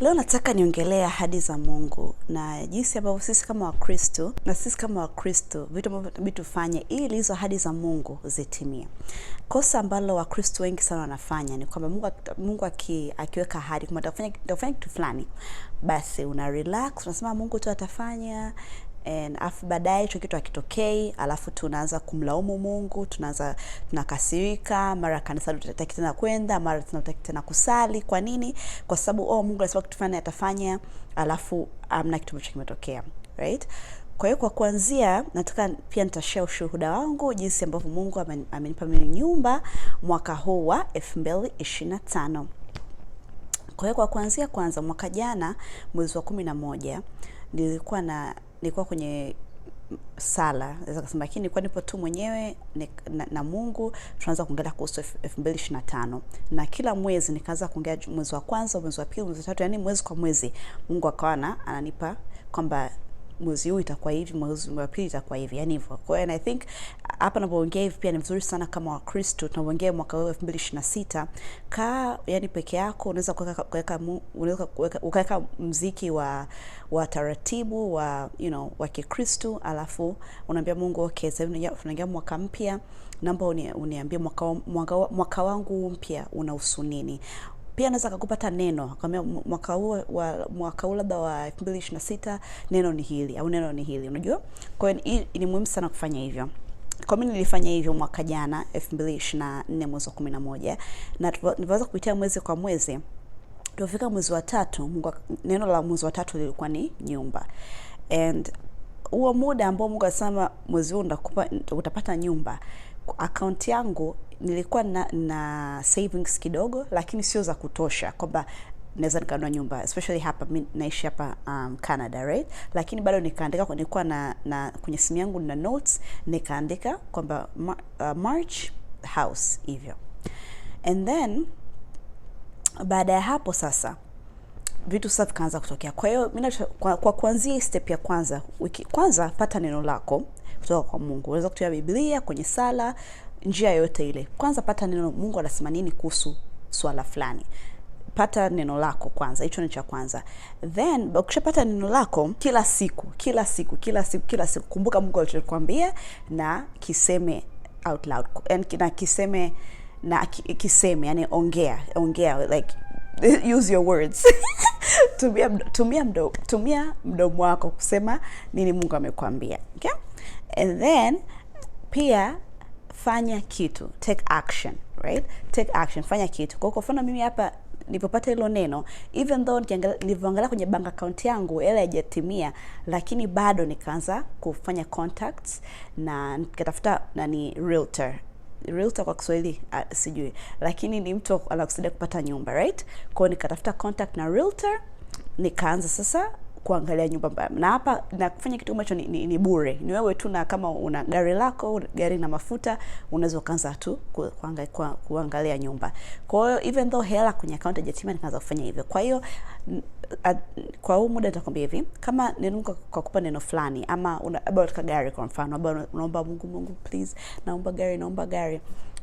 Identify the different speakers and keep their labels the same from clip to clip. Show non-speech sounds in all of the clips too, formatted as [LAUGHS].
Speaker 1: Leo nataka niongelea ahadi za Mungu na jinsi ambavyo sisi kama Wakristo na sisi kama Wakristo vitu ambavyo tunabidi tufanye ili hizo ahadi za Mungu zitimie. Kosa ambalo Wakristo wengi sana wanafanya ni kwamba Mungu, Mungu aki, akiweka ahadi kwamba nitafanya kitu fulani, basi una relax unasema Mungu tu atafanya and afu baadaye hicho kitu hakitokei, alafu tunaanza kumlaumu Mungu, tunaanza tunakasirika, mara kanisa tunataki tena kwenda, mara tunataki tena kusali. Kwa nini? Kwa sababu oh, Mungu alisema kitu fulani atafanya, alafu amna um, kitu ambacho kimetokea, right? Kwa hiyo kwa kuanzia, nataka pia nitashare ushuhuda wangu jinsi ambavyo Mungu amenipa mimi nyumba mwaka huu wa 2025. Kwa hiyo kwa kuanzia, kwanza mwaka jana mwezi wa kumi na moja nilikuwa na nilikuwa kwenye sala naweza kusema, lakini nilikuwa nipo tu mwenyewe na, na Mungu tunaanza kuongelea kuhusu 2025 na kila mwezi nikaanza kuongea mwezi wa kwanza, mwezi wa pili, mwezi wa tatu, yani mwezi kwa mwezi Mungu akawa ananipa kwamba mwezi huu itakuwa hivi, mwezi wa pili itakuwa hivi, yani hivyo. Kwa hiyo and I think hapa ninapoongea hivi pia ni vizuri sana kama Wakristo tunapoongea mwaka huu 2026 ka yani peke yako unaweza kuweka kuweka unaweza kuweka muziki wa wa taratibu wa you know wa Kikristo, alafu unaambia Mungu okay, sasa hivi tunaingia mwaka mpya, naomba uniambie mwaka, mwaka, mwaka wangu mpya unahusu nini? pia anaweza akakupa hata neno akamwambia mwaka huu wa mwaka huu labda wa 2026 neno ni hili au neno ni hili, unajua. Kwa hiyo ni muhimu sana kufanya hivyo. Kwa mimi nilifanya hivyo mwaka jana 2024 mwezi wa 11 na niliweza kupitia mwezi kwa mwezi. Tulifika mwezi wa tatu, Mungu, neno la mwezi wa tatu lilikuwa ni nyumba and huo muda ambao Mungu asema mwezi huu utapata nyumba akaunti yangu nilikuwa na, na savings kidogo, lakini sio za kutosha kwamba naweza nikanua nyumba especially hapa mi naishi hapa um, Canada right, lakini bado nikaandika, nilikuwa na, na kwenye simu yangu na notes nikaandika kwamba ma, uh, March house hivyo, and then baada ya hapo sasa vitu sasa vikaanza kutokea. Kwa hiyo kwa, kwa kuanzia step ya kwanza wiki, kwanza pata neno lako kutoka kwa Mungu. Unaweza kutumia Biblia kwenye sala, njia yoyote ile. Kwanza pata neno, Mungu anasema nini kuhusu swala fulani. Pata neno lako kwanza, hicho ni cha kwanza. Then ukishapata neno lako, kila siku kila siku kila siku kila siku, kumbuka Mungu alichokwambia na kiseme out loud, na kiseme na kiseme, yani ongea ongea, like use your words [LAUGHS] tumia mdomo tumia mdomo wako kusema nini Mungu amekwambia, okay? and then pia fanya kitu, take action right, take action, fanya kitu. Kwa kwa mimi hapa nilipopata hilo neno, even though nilivyoangalia kwenye bank account yangu hela haijatimia, lakini bado nikaanza kufanya contacts na nikatafuta nani realtor realtor kwa Kiswahili uh, sijui, lakini ni mtu anakusaidia kupata nyumba right. Kwa nikatafuta contact na realtor, nikaanza sasa kuangalia nyumba mbaya. Na hapa na kufanya kitu ambacho ni, ni, ni bure. Ni wewe tu na kama una gari lako, gari na mafuta, unaweza kuanza tu kuangalia, ku, kuangalia nyumba. Kwa hiyo even though hela kwenye account ya Jatima nikaanza kufanya hivyo. Kwa hiyo kwa huu muda nitakwambia hivi, kama nenuka kwa kupa neno fulani ama una, about ka gari kwa mfano, ama unaomba Mungu, Mungu please, naomba gari, naomba gari.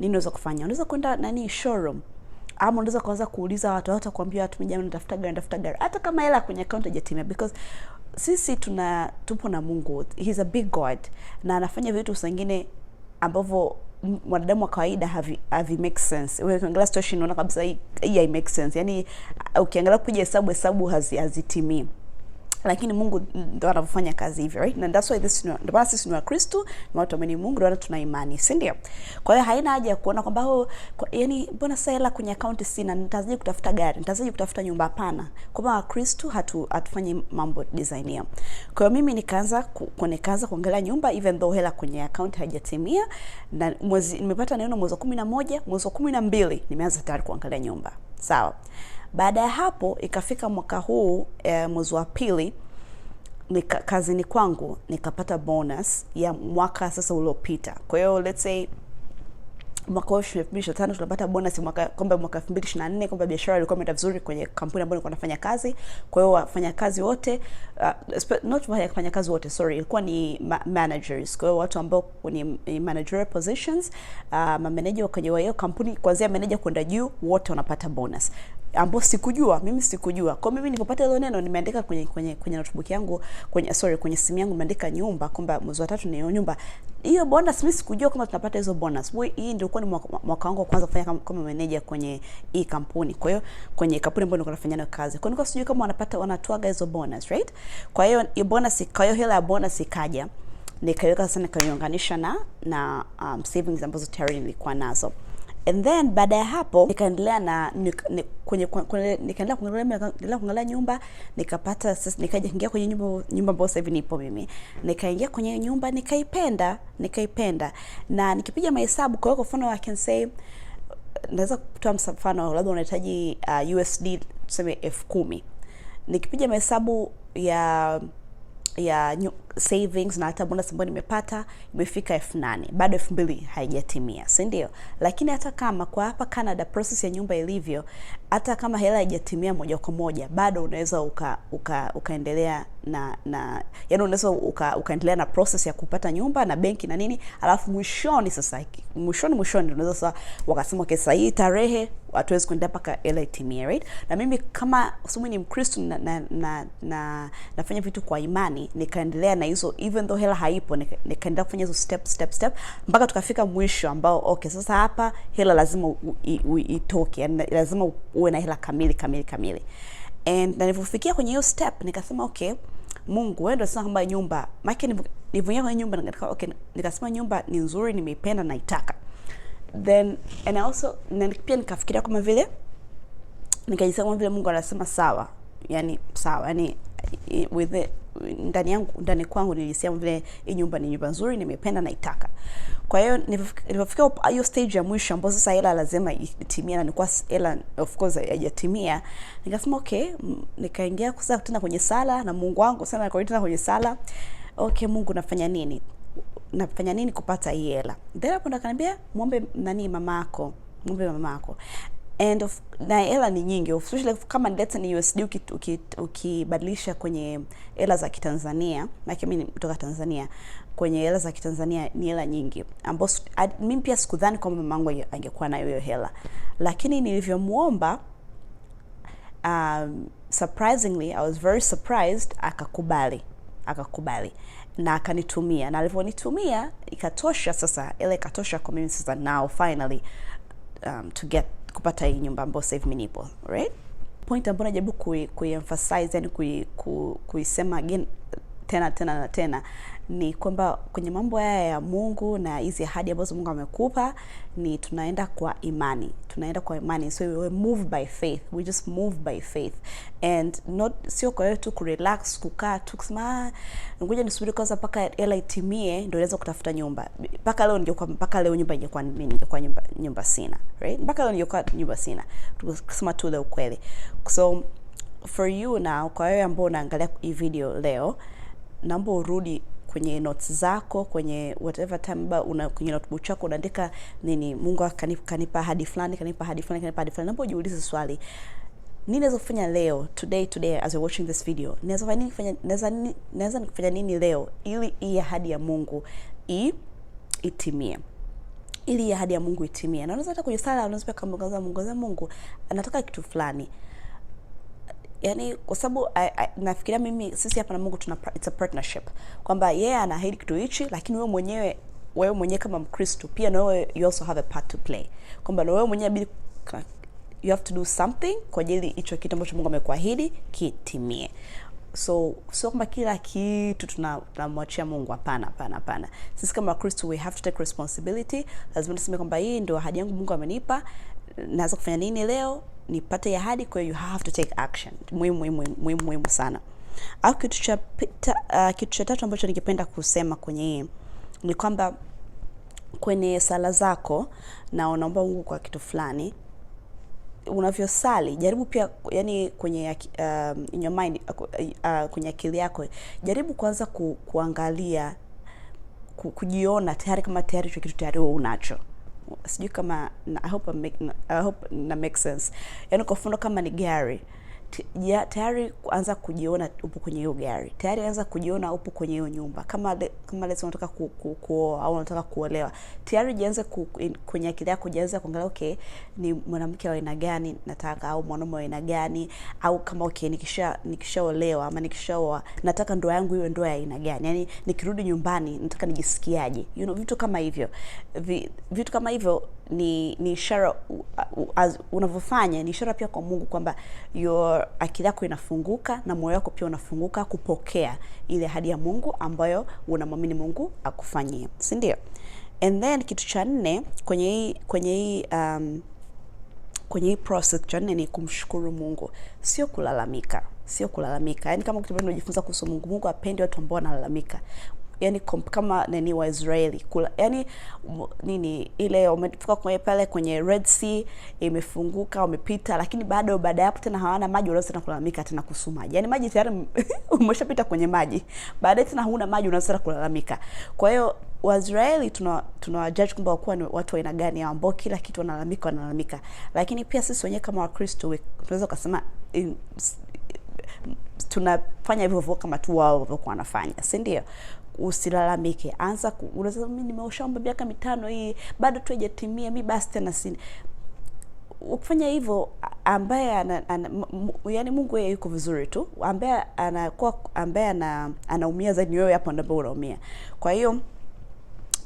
Speaker 1: Nini unaweza kufanya? Unaweza kwenda nani showroom ama unaweza kuanza kuuliza watu, hata kuambia watu mjamani natafuta gari, natafuta gari, hata kama hela kwenye account haijatimia, because sisi tuna tupo na Mungu, he's a big God, na anafanya vitu zingine ambavyo mwanadamu wa kawaida havi, havi make sense. Wewe ukiangalia situation unaona kabisa hii hii make sense, yani ukiangalia kupiga hesabu hesabu hazitimii hazi lakini Mungu ndo anavyofanya kazi hivyo right? And that's why this ndo maana sisi ni Wakristo, ni watu ambao Mungu ndo tuna imani, si ndio? Kwa hiyo haina haja ya kuona kwamba oh, kwa, yani mbona sasa hela kwenye account sina, nitazaje kutafuta gari, nitazaje kutafuta nyumba? Hapana, kwa kama Wakristo hatu hatufanyi mambo design hiyo. Kwa hiyo mimi nikaanza kuonekaza kuangalia nyumba even though hela kwenye account haijatimia, na mwezi nimepata neno mwezi wa 11 mwezi wa 12 nimeanza tayari kuangalia nyumba sawa. Baada ya hapo ikafika mwaka huu e, mwezi wa pili nika, kazini kwangu nikapata bonus ya mwaka sasa uliopita. Kwa hiyo let's say mwaka huu 2025 tunapata bonus mwaka kwamba mwaka 2024 kwamba biashara ilikuwa imeenda vizuri kwenye kampuni ambayo nilikuwa nafanya kazi. Kwa hiyo wafanyakazi wote uh, not wafanyakazi wote sorry, ilikuwa ni ma managers. Kwa hiyo watu ambao kwenye manager positions uh, mameneja kwenye hiyo kampuni kuanzia meneja kwenda juu wote wanapata bonus ambao sikujua mimi sikujua. Kwa mimi nilipopata hilo neno nimeandika kwenye kwenye kwenye notebook yangu kwenye sorry kwenye simu yangu nimeandika nyumba kwamba mwezi wa tatu ni nyumba. Hiyo bonus mimi sikujua kama tunapata hizo bonus. Boy, hii ndio kwa ni mwaka, wangu wa kwanza kufanya kama, kama manager kwenye hii kampuni. Kwa hiyo kwenye kampuni ambayo nilikuwa nafanya nayo kazi. Kwa hiyo nilikuwa sijui kama wanapata wanatoaga hizo bonus, right? Kwa hiyo hiyo bonus, kwa hiyo hela ya bonus ikaja nikaweka sasa, nikaiunganisha na na um, savings ambazo tayari nilikuwa nazo and then baada ya hapo nikaendelea na kwenye, nikaendelea kuangalia kuangalia nyumba nikapata sasa, nikaingia kwenye nyumba nyumba ambayo sasa hivi nipo mimi, nikaingia kwenye nyumba nikaipenda, nikaipenda na nikipiga mahesabu, kwa hiyo kwa mfano I can say naweza kutoa mfano, labda unahitaji uh, USD tuseme elfu kumi nikipiga mahesabu ya ya savings na hata bonus ambayo nimepata imefika elfu nane bado elfu mbili haijatimia, si ndio? Lakini hata kama kwa hapa Canada process ya nyumba ilivyo, hata kama hela haijatimia moja kwa moja, bado unaweza uka, uka, ukaendelea na na yani unaweza uka, ukaendelea na process ya kupata nyumba na benki na nini, alafu mwishoni sasa, mwishoni mwishoni unaweza sasa wakasema okay, sasa hii tarehe hatuwezi kuenda mpaka hela itimie, right? Na mimi kama sumi ni Mkristo na, na, na, na, nafanya vitu kwa imani nikaendelea na hizo even though hela haipo, nikaendelea kufanya hizo step step step mpaka tukafika mwisho ambao okay, sasa hapa hela lazima itoke, yani lazima uwe na hela kamili kamili kamili. And na nilipofikia kwenye hiyo step nikasema okay, Mungu wewe ndio sasa kwamba nyumba maki nilipoingia kwenye nyumba nika, okay, nikasema nyumba ni nzuri, nimeipenda, naitaka then and I also na pia nikafikiria kama vile nikajisema kama vile Mungu anasema sawa, yani sawa, yani with it ndani yangu ndani kwangu nilisema vile hii nyumba ni nyumba nzuri, nimependa naitaka. Kwa hiyo nilipofika hiyo stage ya mwisho ambayo sasa hela lazima itimia na nilikuwa hela of course haijatimia, nikasema okay, nikaingia kusa tena kwenye sala na Mungu wangu sana, nikaoi tena kwenye sala. Okay, Mungu nafanya nini? Nafanya nini kupata hii hela? Then hapo ndo akaniambia muombe nani mamako, muombe mamako and of, na hela ni nyingi especially kama data ni USD ukibadilisha uki, kwenye hela za Kitanzania, maana mimi kutoka Tanzania, kwenye hela za Kitanzania ni hela nyingi, ambapo mimi pia sikudhani kwamba mama yangu angekuwa nayo hiyo hela, lakini nilivyomuomba um, surprisingly I was very surprised, akakubali akakubali na akanitumia, na alivyonitumia ikatosha. Sasa ile ikatosha kwa mimi sasa, now finally um, to get kupata hii nyumba ambayo sasa hivi nipo right. Point ambayo najaribu kuiemphasize kui yani kuisema kui again tena tena na tena ni kwamba kwenye mambo haya ya Mungu na hizi ahadi ambazo Mungu amekupa ni tunaenda kwa imani, tunaenda kwa imani, so we move by faith, we just move by faith and not, sio kwa hiyo tu kurelax, kukaa tu kusema ah, ngoja nisubiri kwanza mpaka hela itimie ndio naweza kutafuta nyumba. Mpaka leo ningekuwa, mpaka leo nyumba ingekuwa mimi ningekuwa nyumba, nyumba sina, right? Mpaka leo ningekuwa nyumba sina, tukusema tu the ukweli. So for you now, kwa wewe ambao unaangalia hii video leo, naomba urudi kwenye notes zako kwenye whatever time ba una kwenye notebook chako unaandika nini, Mungu kanipa, kanipa hadi fulani kanipa hadi fulani kanipa hadi fulani, naomba ujiulize swali nini naweza kufanya leo today today as you watching this video, naweza fanya nini kufanya naweza naweza nikufanya nini leo ili hii ahadi ya Mungu i itimie ili ahadi ya Mungu itimie. Na unaweza hata kwenye sala unaweza kumwomba Mungu, za Mungu anataka kitu fulani yani kwa sababu nafikiria mimi sisi hapa na Mungu tuna it's a partnership kwamba yeye yeah, anaahidi kitu hichi, lakini wewe mwenyewe wewe mwenyewe kama Mkristo pia na wewe you also have a part to play, kwamba na wewe mwenyewe bidi you have to do something kwa ajili hicho kitu ambacho Mungu amekuahidi kitimie. So sio kwamba kila kitu tunamwachia tuna Mungu. Hapana, hapana, hapana. Sisi kama Wakristo we have to take responsibility. Lazima tuseme kwamba hii ndio ahadi yangu Mungu amenipa naweza kufanya nini leo nipate ahadi Kwa you have to take action, muhimu muhimu muhimu sana. Au kitu cha uh, kitu cha tatu ambacho ningependa kusema kwenye hii ni kwamba kwenye sala zako na unaomba Mungu kwa kitu fulani unavyosali jaribu pia yani, kwenye uh, in your mind uh, uh, kwenye akili yako jaribu kwanza ku, kuangalia ku, kujiona tayari kama tayari kitu tayari unacho sijui kama I hope I make, I hope na make sense. Yaani kwa mfano kama ni gari tayari anza kujiona upo kwenye hiyo gari, tayari anza kujiona upo kwenye hiyo nyumba. Kama le, kama leo unataka ku, ku, kuoa au unataka kuolewa, tayari jianze ku, kwenye akili yako jianze kuangalia okay, ni mwanamke wa aina gani nataka, au mwanamume wa aina gani, au kama okay, nikisha nikishaolewa ama nikishaoa nataka ndoa yangu iwe ndoa ya aina gani, yani nikirudi nyumbani nataka nijisikiaje, you know, vitu kama hivyo vi, vitu kama hivyo ni ni ishara unavyofanya ni ishara pia kwa Mungu kwamba your akili yako inafunguka na moyo wako pia unafunguka kupokea ile hadi ya Mungu ambayo unamwamini Mungu akufanyie, si ndio? And then kitu cha nne kwenye hii kwenye hii um, kwenye hii process cha nne ni kumshukuru Mungu, sio kulalamika, sio kulalamika. Yaani kama kitu unajifunza kuhusu Mungu, Mungu apendi watu ambao wanalalamika yani kom, kama nani wa Israeli kula yani nini ile umefika kwenye pale kwenye Red Sea imefunguka wamepita, lakini bado baada ya hapo tena hawana maji, unaweza tena kulalamika tena kusumaji, yani maji tayari [LAUGHS] umeshapita kwenye maji, baadaye tena huna maji, unaweza tena kulalamika. Kwa hiyo Waisraeli tuna tuna judge kwamba wakuwa ni watu aina gani ambao kila kitu wanalalamika wanalalamika, lakini pia sisi wenyewe kama Wakristo tunaweza kusema tunafanya hivyo hivyo kama tu wao walivyokuwa wanafanya, si ndio? usilalamike. Anza unasema mimi nimeosha nimeoshaomba miaka mitano hii bado tu haijatimia, mimi basi tena sina. Ukifanya hivyo ambaye ana, ana yaani Mungu yeye yuko vizuri tu, ambaye anakuwa ambaye ana, anaumia zaidi wewe hapo ndipo unaumia. Kwa hiyo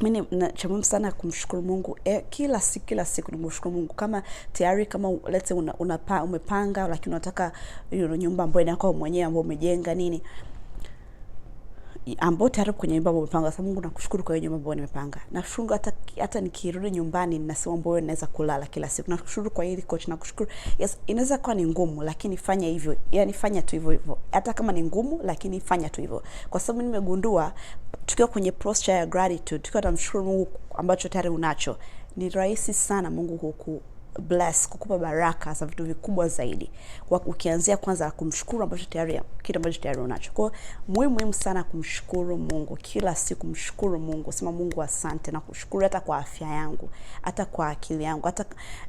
Speaker 1: mimi cha muhimu sana kumshukuru Mungu e, kila siku kila siku nimshukuru Mungu. Kama tayari kama let's say una, una, umepanga lakini unataka you know, nyumba ambayo inakuwa mwenyewe ambayo umejenga nini ambao tayari kwenye nyumba umepanga. Sasa Mungu nakushukuru kwa hiyo nyumba ambayo nimepanga. Nashukuru hata hata nikirudi nyumbani na sehemu ambayo naweza kulala kila siku. Nashukuru kwa hili coach, nakushukuru. Yes, inaweza kuwa ni ngumu lakini fanya hivyo. Yaani fanya tu hivyo hivyo. Hata kama ni ngumu lakini fanya tu hivyo. Kwa sababu nimegundua tukiwa kwenye posture ya gratitude, tukiwa tunamshukuru Mungu ambacho tayari unacho, ni rahisi sana Mungu huku bless kukupa baraka za vitu vikubwa zaidi, kwa ukianzia kwanza kumshukuru ambacho tayari kitu ambacho tayari unacho. Kwa muhimu muhimu sana kumshukuru Mungu kila siku, mshukuru Mungu, sema Mungu asante na kushukuru hata kwa afya yangu, hata kwa akili yangu, hata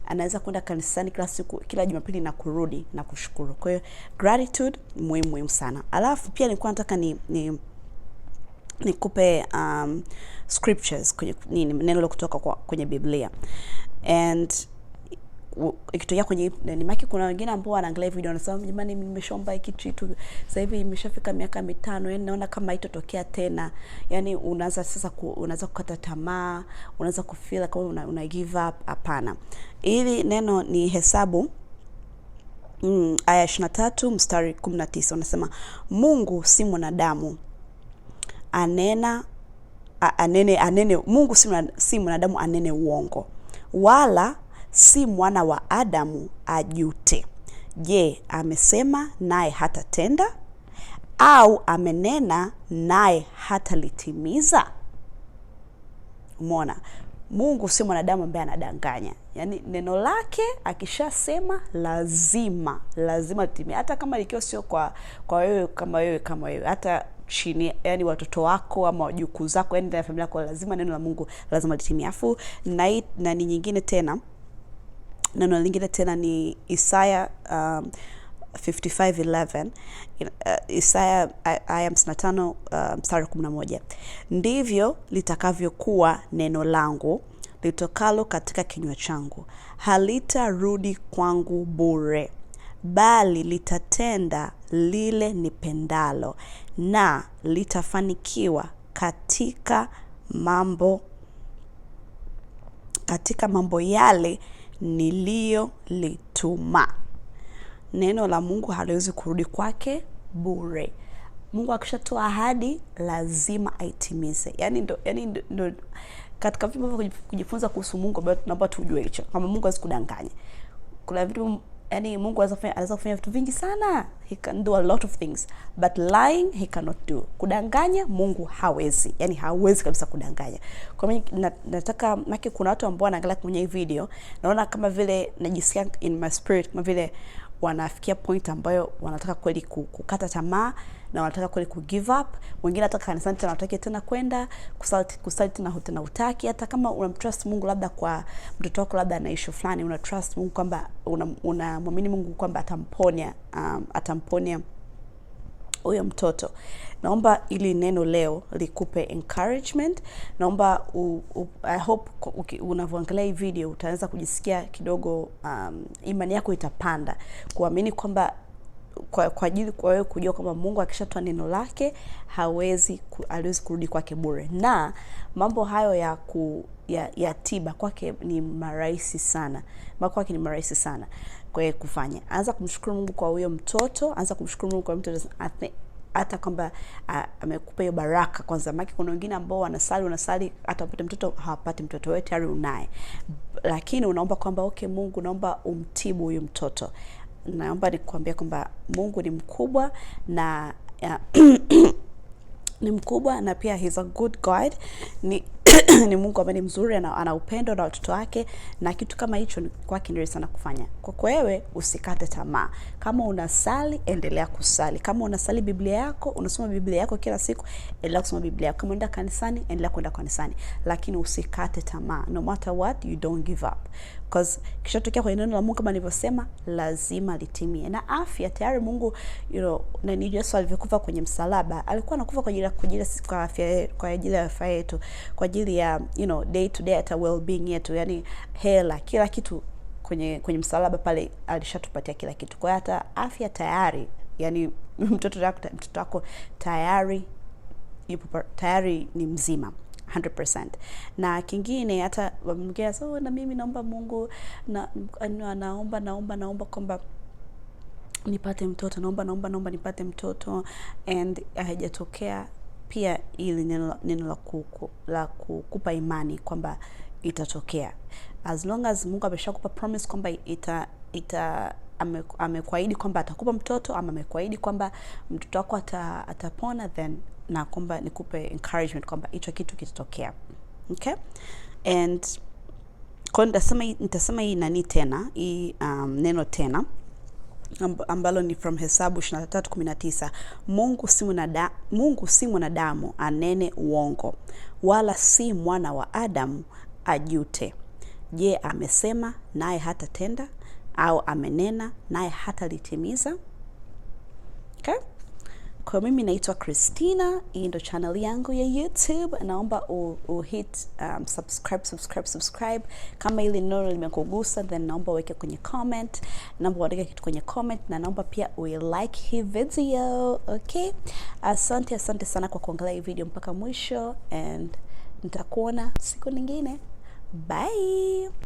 Speaker 1: anaweza kwenda kanisani kila siku, kila Jumapili na kurudi na kushukuru. Kwa hiyo gratitude muhimu muhimu sana. Alafu pia nilikuwa nataka ni, ni nikupe um, scriptures kwenye nini neno la kutoka kwa, kwenye Biblia and ikitokea kwenye nani maki, kuna wengine ambao wanaangalia video wanasema, jamani, nimeshomba hiki kitu sasa hivi imeshafika miaka mitano, yani naona kama haitotokea tena. Yani unaanza sasa ku, unaanza kukata tamaa, unaanza kufeel kama una, una give up. Hapana, hili neno ni hesabu mm, aya 23 mstari 19 unasema, Mungu si mwanadamu anena a, anene anene, Mungu si mwanadamu anene uongo, wala si mwana wa Adamu ajute. Je, amesema naye hatatenda? Au amenena naye hatalitimiza? Umeona, Mungu si mwanadamu ambaye anadanganya. Yaani neno lake akishasema lazima lazima litimie, hata kama likiwa sio kwa kwa wewe kama wewe kama wewe, hata chini, yani watoto wako ama wajukuu zako, yani ndani ya familia yako, lazima neno la Mungu lazima litimie. Afu na ni nyingine tena neno lingine tena ni Isaya um, 55:11 Isaya aya 55 uh, mstari 11, ndivyo litakavyokuwa neno langu litokalo katika kinywa changu, halitarudi kwangu bure, bali litatenda lile nipendalo na litafanikiwa katika mambo katika mambo yale niliyolituma. Neno la Mungu haliwezi kurudi kwake bure. Mungu akishatoa ahadi lazima aitimize. Yani ndo, yani ndo, ndo katika vitu ambavyo kujifunza kuhusu Mungu ambayo tunaomba tujue hicho, kama Mungu asikudanganye. Kuna vitu yani Mungu anaweza kufanya vitu vingi sana, he can do a lot of things but lying he cannot do. Kudanganya Mungu hawezi, yani hawezi kabisa kudanganya. Kwa mimi nataka maki, kuna watu ambao wanaangalia kwenye hii video, naona kama vile najisikia in my spirit, kama vile wanafikia point ambayo wanataka kweli kukata tamaa na wanataka kweli ku give up. Wengine hata kanisani tena wataki tena kwenda kusali, kusali tena hutena utaki. Hata kama unamtrust Mungu, labda kwa mtoto wako, labda ana issue fulani, unatrust Mungu kwamba unamwamini una Mungu kwamba atamponya, um, atamponya huyo mtoto. Naomba ili neno leo likupe encouragement. Naomba u, u, I hope unavyoangalia hii video utaanza kujisikia kidogo, um, imani yako itapanda kuamini kwamba kwa, kwa ajili kwa wewe kujua kwamba Mungu akishatoa neno lake hawezi ku, aliwezi kurudi kwake bure, na mambo hayo ya ku, ya, ya tiba kwake ni marahisi sana, ma kwake ni marahisi sana kwa yeye kufanya. Anza kumshukuru Mungu kwa huyo mtoto, anza kumshukuru Mungu kwa mtoto hata kwamba amekupa hiyo baraka kwanza, maana kuna wengine ambao wanasali wanasali, hata upate mtoto hawapati mtoto, wewe tayari unaye, lakini unaomba kwamba okay, Mungu naomba umtibu huyu mtoto naomba nikuambia kwamba Mungu ni mkubwa na [CLEARS THROAT] ni mkubwa na pia he's a good God. Ni [CLEARS THROAT] ni Mungu ambaye ni mzuri, ana upendo na watoto wake, na kitu kama hicho ni kwake ndio sana kufanya. Kwa wewe usikate tamaa, kama unasali endelea kusali, kama unasali Biblia yako, unasoma Biblia yako kila siku, endelea kusoma Biblia yako, kama unaenda kanisani, endelea kwenda kanisani, lakini usikate tamaa. No matter what you don't give up, because kishatokea kwenye neno la Mungu kama nilivyosema, lazima litimie. Na afya tayari Mungu you know, na ni Yesu alivyokufa kwenye msalaba, alikuwa anakufa kwa ajili kwa ajili kwa afya kwa ajili ya afya yetu kwa ajili ya you know day to day hata well-being yetu, yani hela, kila kitu kwenye kwenye msalaba pale alishatupatia kila kitu. Kwa hata afya tayari, yani [LAUGHS] mtoto wako mtoto wako tayari yupo tayari ni mzima 100%. Na kingine hata mgea so, na mimi naomba Mungu na, na, naomba naomba naomba kwamba nipate mtoto, naomba naomba naomba nipate mtoto and haijatokea. Pia ili neno la kuku, la kukupa imani kwamba itatokea as long as Mungu ameshakupa promise kwamba ita, ita amekuahidi kwamba atakupa mtoto ama amekuahidi kwamba mtoto wako ata, atapona then na kwamba nikupe encouragement kwamba hicho kitu kitatokea. Okay? And kwa nitasema hii nani tena hii um, neno tena ambalo ni from Hesabu 23:19, Mungu si mwanadamu, Mungu si mwanadamu anene uongo, wala si mwana wa Adamu ajute. Je, amesema naye hatatenda? Au amenena naye hatalitimiza? Okay? Kwa mimi naitwa Christina, hii ndo channel yangu ya YouTube. Naomba u, u hit um, subscribe, subscribe, subscribe. Kama ili neno limekugusa, then naomba uweke kwenye comment, naomba uandike kitu kwenye comment, na naomba pia u like hii video okay. Asante, asante sana kwa kuangalia hii video mpaka mwisho, and nitakuona siku nyingine. Bye.